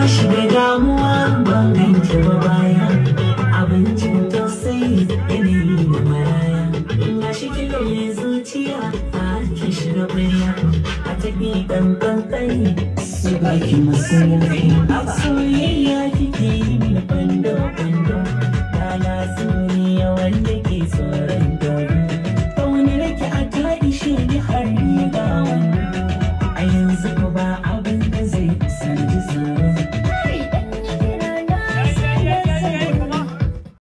na shiga damuwa ba ganki ba baya abincin tausayi yanayi da maraya na shi kilo mai zuciya a ki shiga ƙwarya a tafi ɗan ƙanƙani su baki masu masoyi a soyayya kike yi mini kwando kwando na na soyayya wanda ke tsoron dori ta wani rake a taɗi shi har riga wani a yanzu